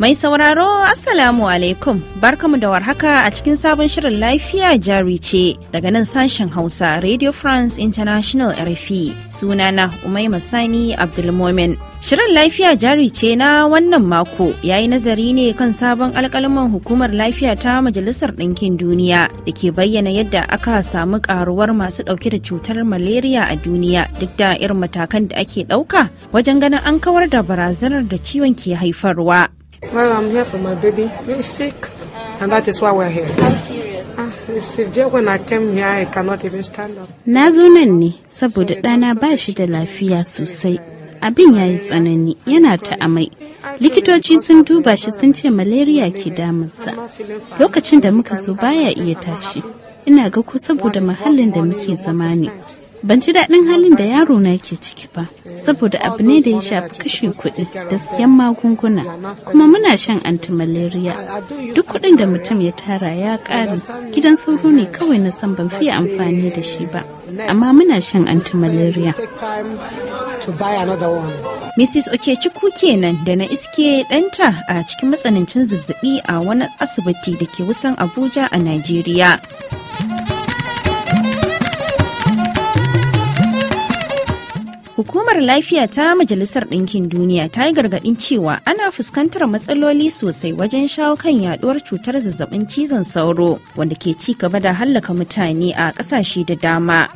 Mai sauraro Assalamu alaikum barkamu da warhaka a cikin sabon shirin lafiya jari ce daga nan sashen Hausa Radio France International RFI sunana Umaima Sani Abdulmomin. Shirin lafiya jari ce na wannan mako ya yi nazari ne kan sabon alkalman hukumar lafiya ta Majalisar Ɗinkin Duniya da ke bayyana yadda aka samu karuwar masu ɗauke da cutar malaria a duniya duk da irin matakan da ake ɗauka wajen ganin an kawar da barazanar da ciwon ke haifarwa. Well, I'm here for my baby. He's sick, and that is why we're here. Ah, Na zo nan ne saboda ɗana ba shi da lafiya sosai. Abin ya yi tsanani yana ta amai. Likitoci sun duba shi sun ce malaria ke damunsa. Lokacin da muka zo baya iya tashi. Ina ga ku saboda mahallin da muke zama ne. ban ji daɗin halin da yaro na yake ciki ba saboda abu ne da ya shafi kashe kuɗi da siyan magunguna kuma muna shan antimalaria duk kuɗin da mutum ya tara ya ƙare gidan sauro ne kawai na san ban fiye amfani da shi ba amma muna shan antimalaria Mrs. Okechukwu kenan da na iske ɗanta a cikin matsanancin zazzabi a wani asibiti da ke wusan Abuja a Najeriya. Hukumar lafiya ta Majalisar Ɗinkin Duniya ta yi gargaɗin cewa ana fuskantar matsaloli sosai wajen shawo kan yaduwar cutar zazzabin cizon sauro wanda ke ci gaba da hallaka mutane a ƙasashe da dama.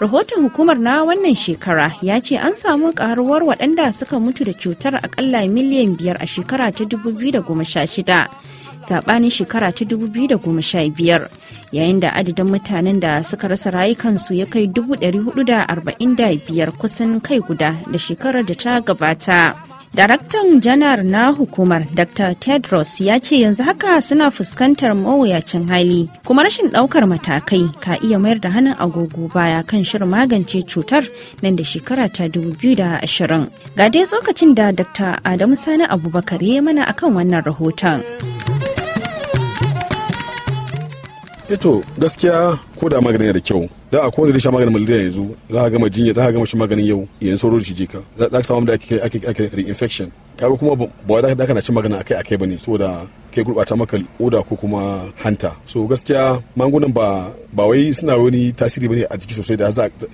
Rahoton hukumar na wannan shekara ya ce an samu karuwar waɗanda suka mutu da cutar aƙalla miliyan biyar a shekara ta 2016. sabanin shekara ta 2015 yayin da adadin mutanen da suka rasa rayukansu ya kai 445 kusan kai guda da shekarar da ta gabata. Daraktan janar na hukumar Dr. Tedros ya ce yanzu haka suna fuskantar mawuyacin hali kuma rashin ɗaukar matakai ka iya mayar da hannun agogo baya kan shirin magance cutar nan da shekara ta 2020. Ga dai tsokacin da Dr. Adamu Sani Abubakar ya mana akan wannan rahoton. ito eh gaskiya ko da magani da kyau da a kowane da sha maganin malaria yanzu za ka gama jinya za ka gama shi maganin yau yanzu sauro da shi jika za ka samu da ake ake ake reinfection kaga kuma ba da da kana shi magana akai akai bane saboda kai gurbata maka oda ko kuma hanta so gaskiya magungunan ba ba wai suna wani tasiri bane a jiki sosai da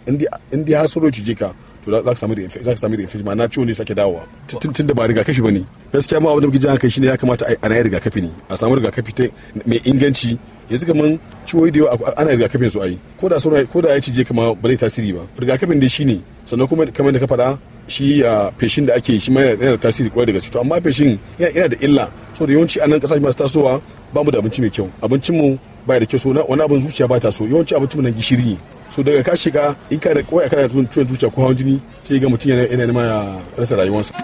in indi har sauro da shi jika to za ka samu da za ka samu da infection na ciwon ne sake dawowa tun da ba rigakafi bane gaskiya mu abin da muke ji hankali shine ya kamata a na rigakafi ne a samu rigakafi ta mai inganci yanzu kaman ciwoyi da yawa ana rigakafin su ayi. ko da sauran ko da ya cije kama ba zai tasiri ba rigakafin dai shine sannan kuma kamar da ka faɗa shi a feshin da ake shi ma yana da tasiri kwarai da gaske to amma feshin yana da illa saboda yawanci a nan kasashe masu tasowa ba mu da abinci mai kyau abincin mu bai da kyau so wani abin zuciya ba ta so yawanci abin tunanin gishiri ne so daga ka shiga in ka da a kana tun ciwon zuciya ko hawan jini sai ga mutum yana yana ma ya rasa rayuwarsa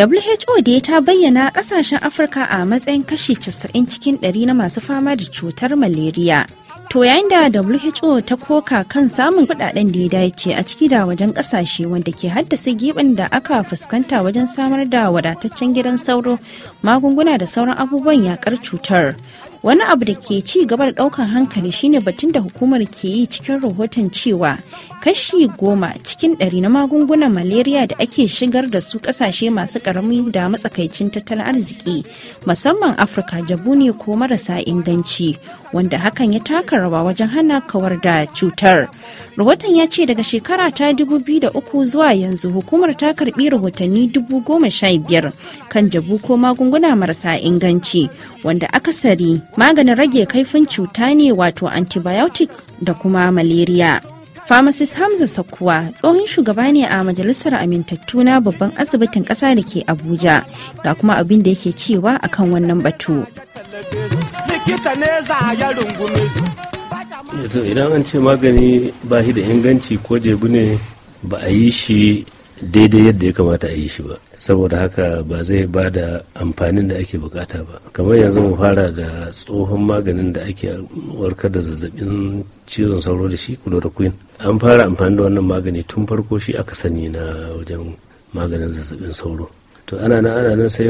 WHO da ta bayyana kasashen Afirka a matsayin kashi 90 cikin 100 na masu fama da cutar malaria To yayin da WHO ta koka kan samun kudaden da ya dace a ciki da wajen kasashe wanda ke haddasa gibin da aka fuskanta wajen samar da wadataccen gidan sauro magunguna da sauran abubuwan yakar cutar. wani abu da ke ci gaba da daukan hankali shine batun da hukumar ke yi cikin rahoton cewa kashi goma cikin ɗari na magungunan malaria da ake shigar da su ƙasashe masu ƙarami da matsakaicin tattalin arziki musamman afirka jabu ne ko marasa inganci wanda hakan ya taka rawa wajen hana kawar da cutar rahoton ya ce daga shekara ta 2003 zuwa yanzu hukumar ta karbi rahotanni 15,000 kan jabu ko magunguna marasa inganci wanda akasari maganin rage kaifin cuta ne wato antibiotic da kuma malaria pharmacist hamza sakuwa tsohon shugaba ne a majalisar amintattu na babban asibitin ƙasa da ke abuja ga kuma abin da yake cewa akan wannan batu idan an ce magani ba shi da inganci ko jebu ne ba a yi shi daidai yadda ya kamata a yi shi ba saboda haka ba zai ba da amfanin da ake bukata ba kamar yanzu mu fara da tsohon maganin da ake warkar da zazzabin cizon sauro da shi chloroquine an fara amfani da wannan magani tun farko shi aka sani na wajen maganin zazzabin sauro to ana nan ana nan sai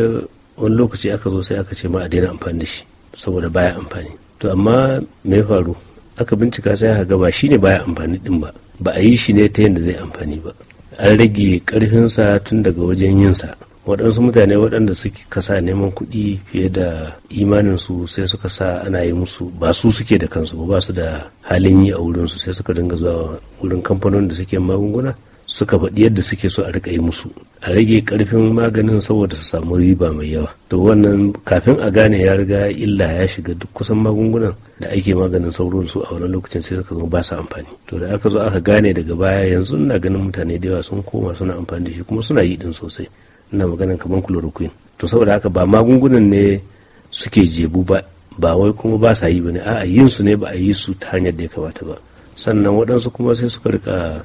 wani lokaci aka zo sai aka ce ma a daina amfani da shi saboda baya amfani to amma me faru aka bincika sai aka ga ba shine baya amfani din ba ba a yi shi ne ta yadda zai amfani ba an rage karfinsa tun daga wajen yinsa waɗansu mutane waɗanda suka kasa neman kuɗi fiye da imaninsu sai suka sa ana yi musu ba su suke da kansu ba su da halin yi a wurinsu sai suka dinga zuwa wurin kamfanonin da suke magunguna suka faɗi yadda suke so a riƙa yi musu a rage ƙarfin maganin saboda su samu riba mai yawa to wannan kafin a gane ya riga illa ya shiga duk kusan magungunan da ake maganin sauro su a wani lokacin sai suka zo ba su amfani to da aka zo aka gane daga baya yanzu ina ganin mutane da yawa sun koma suna amfani da shi kuma suna yi din sosai ina maganin kamar chloroquine to saboda haka ba magungunan ne suke jebu ba ba wai kuma ba sa yi ba ne a'a yin su ne ba a yi su ta hanyar da ya kamata ba sannan waɗansu kuma sai suka rika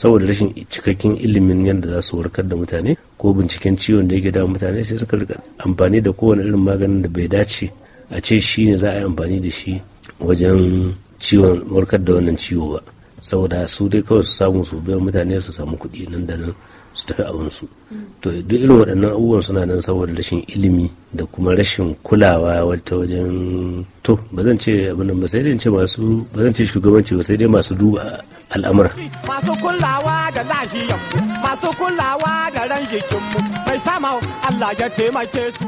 saboda rashin cikakken ilimin yadda za su warkar da mutane ko binciken ciwon da yake damun mutane sai suka rika amfani da kowane irin maganin da bai dace a ce shi ne za a yi amfani da shi wajen ciwon warkar da wannan ciwo ba saboda su dai kawai su samu su bai mutane su samu kuɗi nan da nan su tafi abinsu to duk irin waɗannan abubuwan suna nan saboda rashin ilimi da kuma rashin kulawa wata wajen to ba zan ce abin ba sai dai ce masu ba zan ce shugabanci ba sai dai masu duba al'amura masu kulawa da lahiyanmu masu kulawa da ran jikinmu mai sama Allah ya taimake su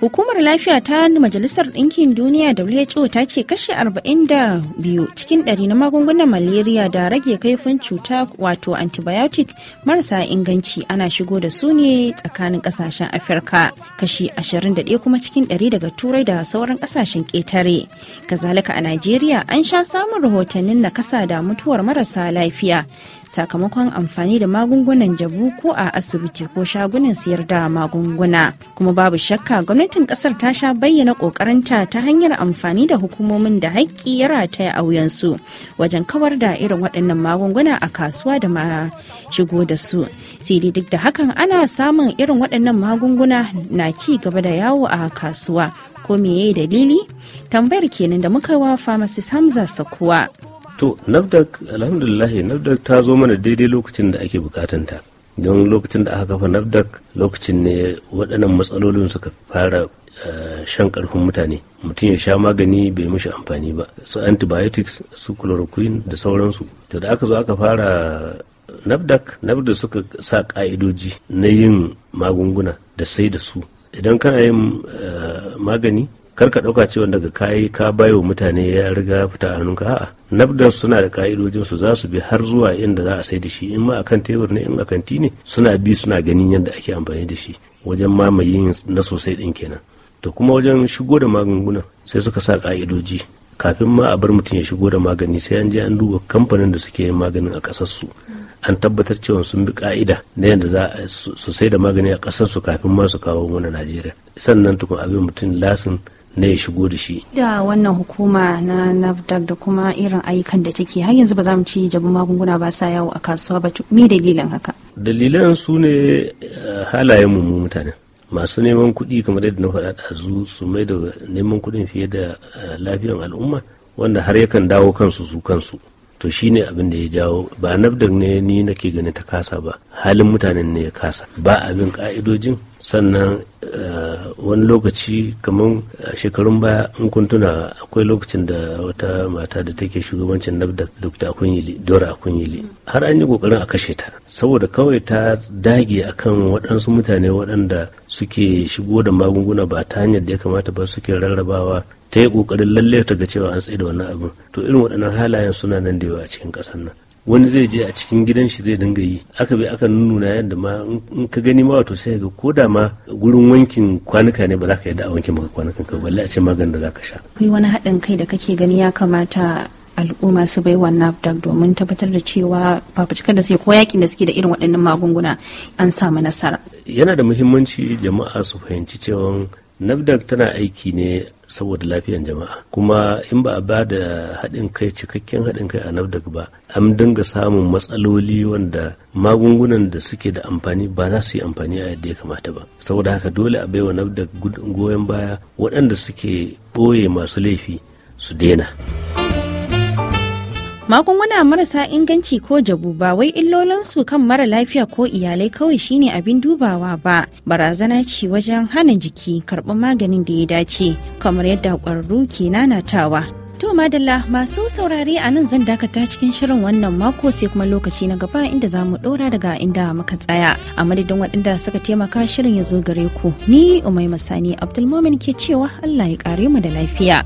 Hukumar lafiya ta Majalisar Ɗinkin Duniya WHO ta ce kashi 42 cikin ɗari na magungunan malaria da rage kaifin cuta wato antibiotic marasa inganci ana shigo da su ne tsakanin ƙasashen Afirka. Kashi 21 kuma cikin ɗari daga Turai da sauran ƙasashen ƙetare. Kazalika a Najeriya an sha samun rahotannin nakasa da mutuwar marasa lafiya. sakamakon amfani da magungunan jabu ko a asibiti ko shagunan siyar da magunguna kuma babu shakka gwamnatin kasar ta sha bayyana kokarinta ta hanyar amfani da hukumomin da haƙƙi ya rataya a wuyansu wajen kawar da irin waɗannan magunguna a kasuwa da ma shigo da su sai dai duk da hakan ana samun irin waɗannan magunguna na ci gaba da yawo a kasuwa ko me meye dalili tambayar kenan da muka wa pharmacist hamza sakuwa to nafdak alhamdulillah nafdak ta zo mana daidai lokacin da ake bukatanta don lokacin da aka kafa nafdak lokacin ne waɗannan matsalolin suka fara eh, shan ƙarfin mutane mutum ya sha magani bai mishi amfani ba su antibiotics su chloroquine da sauransu to da aka zo aka fara nafdak nafdak suka sa ka'idoji na yin magunguna da sai da su idan kana yin eh, magani karka ka ɗauka cewa daga kayi ka wa mutane ya riga fita hannunka a'a nabdar suna da ka'idojin su za su bi har zuwa inda za a sai da shi in ma akan tebur ne in a kanti ne suna bi suna ganin yadda ake amfani da shi wajen yin na sosai ɗin kenan to kuma wajen shigo da magunguna sai suka sa ka'idoji kafin ma a bar mutum ya shigo da magani sai an je an duba kamfanin da suke yin maganin a ƙasar su an tabbatar cewa sun bi ka'ida na yadda za su sai da magani a ƙasar su kafin ma su kawo mana najeriya sannan tukun abin mutum lasin na ya shigo da shi da wannan hukuma na nafdac da kuma irin ayyukan da take har yanzu ba za mu ci jabin magunguna ba sa yawo a kasuwa ba me dalilan haka dalilan su ne eh, halayen mu mutane masu neman kuɗi kamar yadda na faɗa ɗazu su mai da neman kuɗin fiye da eh, lafiyar al'umma wanda har yakan dawo kansu su kansu to shine abin da ya jawo ba nafdak ne ni nake ganin ta kasa ba halin mutanen ne ya kasa ba abin ka'idojin sannan eh, wani lokaci kamar eh, shekarun baya in kun tuna akwai lokacin da wata mata da take shugabancin nafda dr akunyili dora akunyili har an yi kokarin a kashe ta saboda kawai ta dage akan waɗansu mutane waɗanda suke shigo da magunguna ba ta hanyar da ya kamata ba suke rarrabawa ta yi kokarin lalle ta ga cewa an tsaye da wannan abin to irin waɗannan halayen suna nan da yawa a cikin ƙasar nan wani zai je a cikin gidan shi zai dinga yi aka bi aka nuna yadda ma in ka gani ma wato sai ga ko da ma gurin wankin kwanuka ne ba za ka yadda a wanke maka kwanukan ka balle a ce maganin da za ka sha akwai wani haɗin kai da kake gani ya kamata al'umma su bai wa nafdak domin tabbatar da cewa cikar da suke ko yakin da suke da irin waɗannan magunguna an samu nasara yana da muhimmanci jama'a su fahimci cewa nafdak tana aiki ne saboda lafiyan jama'a kuma in ba a ba da haɗin kai cikakken haɗin kai a nafdak ba an dinga samun matsaloli wanda magungunan da suke da amfani ba za su yi amfani a yadda ya kamata ba saboda haka dole a baiwa nafdak goyon baya waɗanda suke ɓoye masu laifi su daina magunguna marasa inganci ko jabu ba wai illolinsu kan mara lafiya ko iyalai kawai shine abin dubawa ba barazana ce wajen hana jiki karɓi maganin da ya dace kamar yadda ƙwararru ke nanatawa To madalla masu saurare a nan zan dakata cikin shirin wannan mako sai kuma lokaci na gaba inda za mu ɗora daga inda muka tsaya. A madadin waɗanda suka taimaka shirin ya zo gare ku. Ni Umai Masani Abdulmomin ke cewa Allah ya kare mu da lafiya.